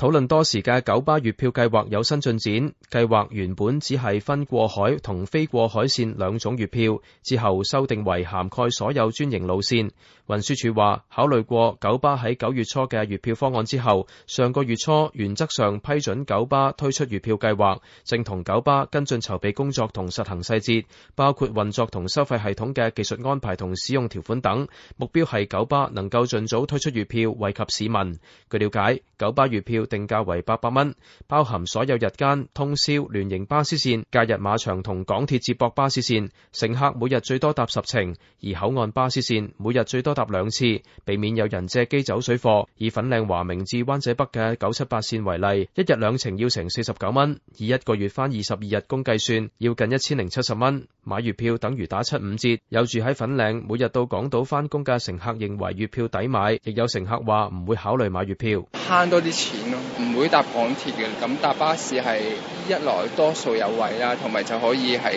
討論多時嘅九巴月票計劃有新進展，計劃原本只係分過海同非過海綫兩種月票，之後修訂為涵蓋所有專營路綫。運輸署話，考慮過九巴喺九月初嘅月票方案之後，上個月初原則上批准九巴推出月票計劃，正同九巴跟進籌備工作同實行細節，包括運作同收費系統嘅技術安排同使用條款等。目標係九巴能夠盡早推出月票惠及市民。據了解，九巴月票定價為八百蚊，包含所有日間、通宵、聯營巴士線、假日馬場同港鐵接駁巴士線，乘客每日最多搭十程；而口岸巴士線每日最多搭兩次，避免有人借機走水貨。以粉嶺華明至灣仔北嘅九七八線為例，一日兩程要成四十九蚊，以一個月返二十二日工計算，要近一千零七十蚊。買月票等於打七五折。有住喺粉嶺、每日到港島返工嘅乘客認為月票抵買，亦有乘客話唔會考慮買月票，慳多啲錢。唔會搭港鐵嘅，咁搭巴士係一來多數有位啦，同埋就可以喺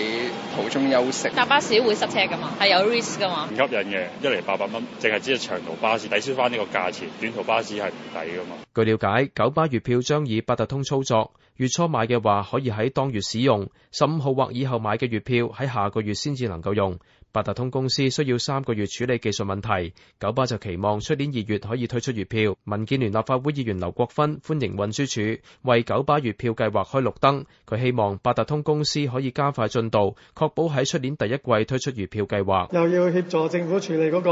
途中休息。搭巴士會塞車噶嘛，係有 risk 噶嘛。唔吸引嘅，一嚟八百蚊，淨係只係長途巴士抵消翻呢個價錢，短途巴士係唔抵噶嘛。據了解，九巴月票將以八達通操作。月初買嘅話，可以喺當月使用；十五號或以後買嘅月票，喺下個月先至能夠用。八達通公司需要三個月處理技術問題，九巴就期望出年二月可以推出月票。民建聯立法會議員劉國勳歡迎運輸署為九巴月票計劃開綠燈，佢希望八達通公司可以加快進度，確保喺出年第一季推出月票計劃。又要協助政府處理嗰個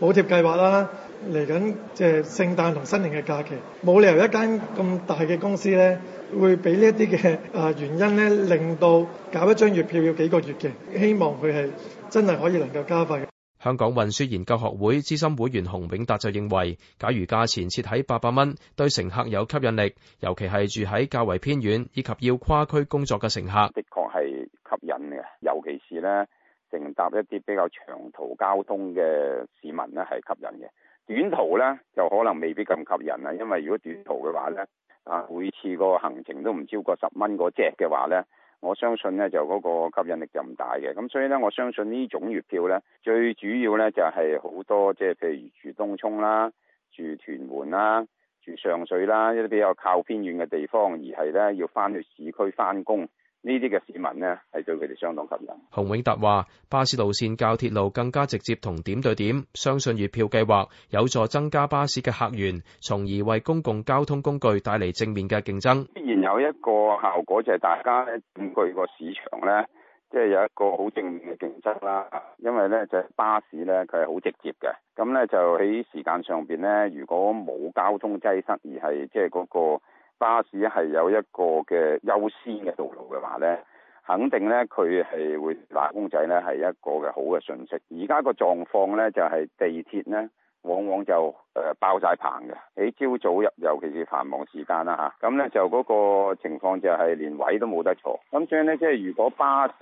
補貼計劃啦。嚟緊即係聖誕同新年嘅假期，冇理由一間咁大嘅公司呢會俾呢一啲嘅啊原因呢令到搞一張月票要幾個月嘅。希望佢係真係可以能夠加快。香港運輸研究學會資深會員洪永達就認為，假如價錢設喺八百蚊，對乘客有吸引力，尤其係住喺較為偏遠以及要跨區工作嘅乘客，的確係吸引嘅，尤其是呢，乘搭一啲比較長途交通嘅市民呢係吸引嘅。短途呢就可能未必咁吸引啊，因為如果短途嘅話呢，啊每次個行程都唔超過十蚊嗰隻嘅話呢，我相信呢就嗰個吸引力就唔大嘅。咁所以呢，我相信呢種月票呢最主要呢就係好多即係譬如住東涌啦、住屯門啦、住上水啦，一啲比較靠偏遠嘅地方，而係呢要翻去市區翻工。呢啲嘅市民呢，係對佢哋相當吸引。洪永達話：巴士路線較鐵路更加直接同點對點，相信月票計劃有助增加巴士嘅客源，從而為公共交通工具帶嚟正面嘅競爭。必然有一個效果就係大家咧，根據個市場咧，即係有一個好正面嘅競爭啦。因為咧就係巴士咧，佢係好直接嘅。咁咧就喺時間上邊咧，如果冇交通擠塞，而係即係嗰個。巴士係有一個嘅優先嘅道路嘅話咧，肯定咧佢係會打工、呃、仔咧係一個嘅好嘅信息。而家個狀況咧就係、是、地鐵咧。往往就誒爆曬棚嘅，喺朝早入，尤其是繁忙時間啦吓，咁、啊、咧就嗰個情況就係連位都冇得坐。咁所以咧，即係如果巴士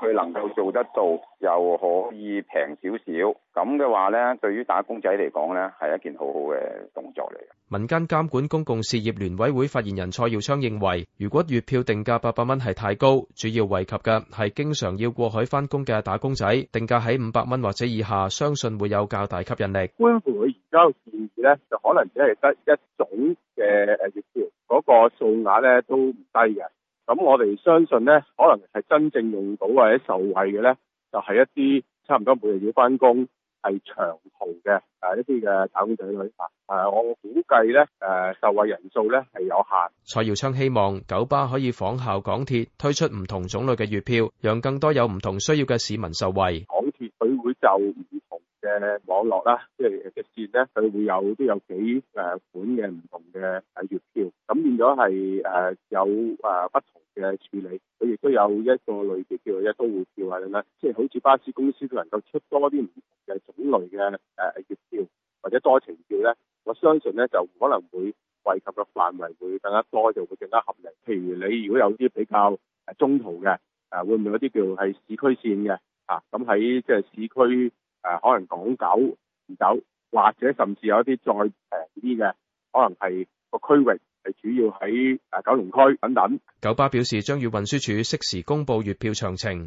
佢能夠做得到，又可以平少少，咁嘅話咧，對於打工仔嚟講咧，係一件好好嘅動作嚟嘅。民間監管公共事業聯委會發言人蔡耀昌認為，如果月票定價八百蚊係太高，主要惠及嘅係經常要過海翻工嘅打工仔，定價喺五百蚊或者以下，相信會有較大吸引力。佢而家嘅建議咧，就可能只係得一種嘅誒月票，嗰個數額咧都唔低嘅。咁我哋相信咧，可能係真正用到或者受惠嘅咧，就係一啲差唔多每日要翻工、係長途嘅誒一啲嘅打工仔女。誒，我估計咧誒受惠人數咧係有限。蔡耀昌希望九巴可以仿效港鐵推出唔同種類嘅月票，讓更多有唔同需要嘅市民受惠。港鐵佢會就嘅網絡啦，即係嘅線咧，佢會有都有幾誒款嘅唔同嘅誒月票，咁變咗係誒有誒不同嘅處理，佢亦都有一個類別叫一張月票啊，等等，即係好似巴士公司佢能夠出多啲唔同嘅種類嘅誒月票或者多程票咧，我相信咧就可能會惠及嘅範圍會更加多，就會更加合理。譬如你如果有啲比較誒中途嘅誒，會唔會有啲叫係市區線嘅啊？咁喺即係市區。誒，可能港九唔走，或者甚至有一啲再平啲嘅，可能係個區域係主要喺誒九龍區等等。九巴表示將與運輸署適時公布月票詳情。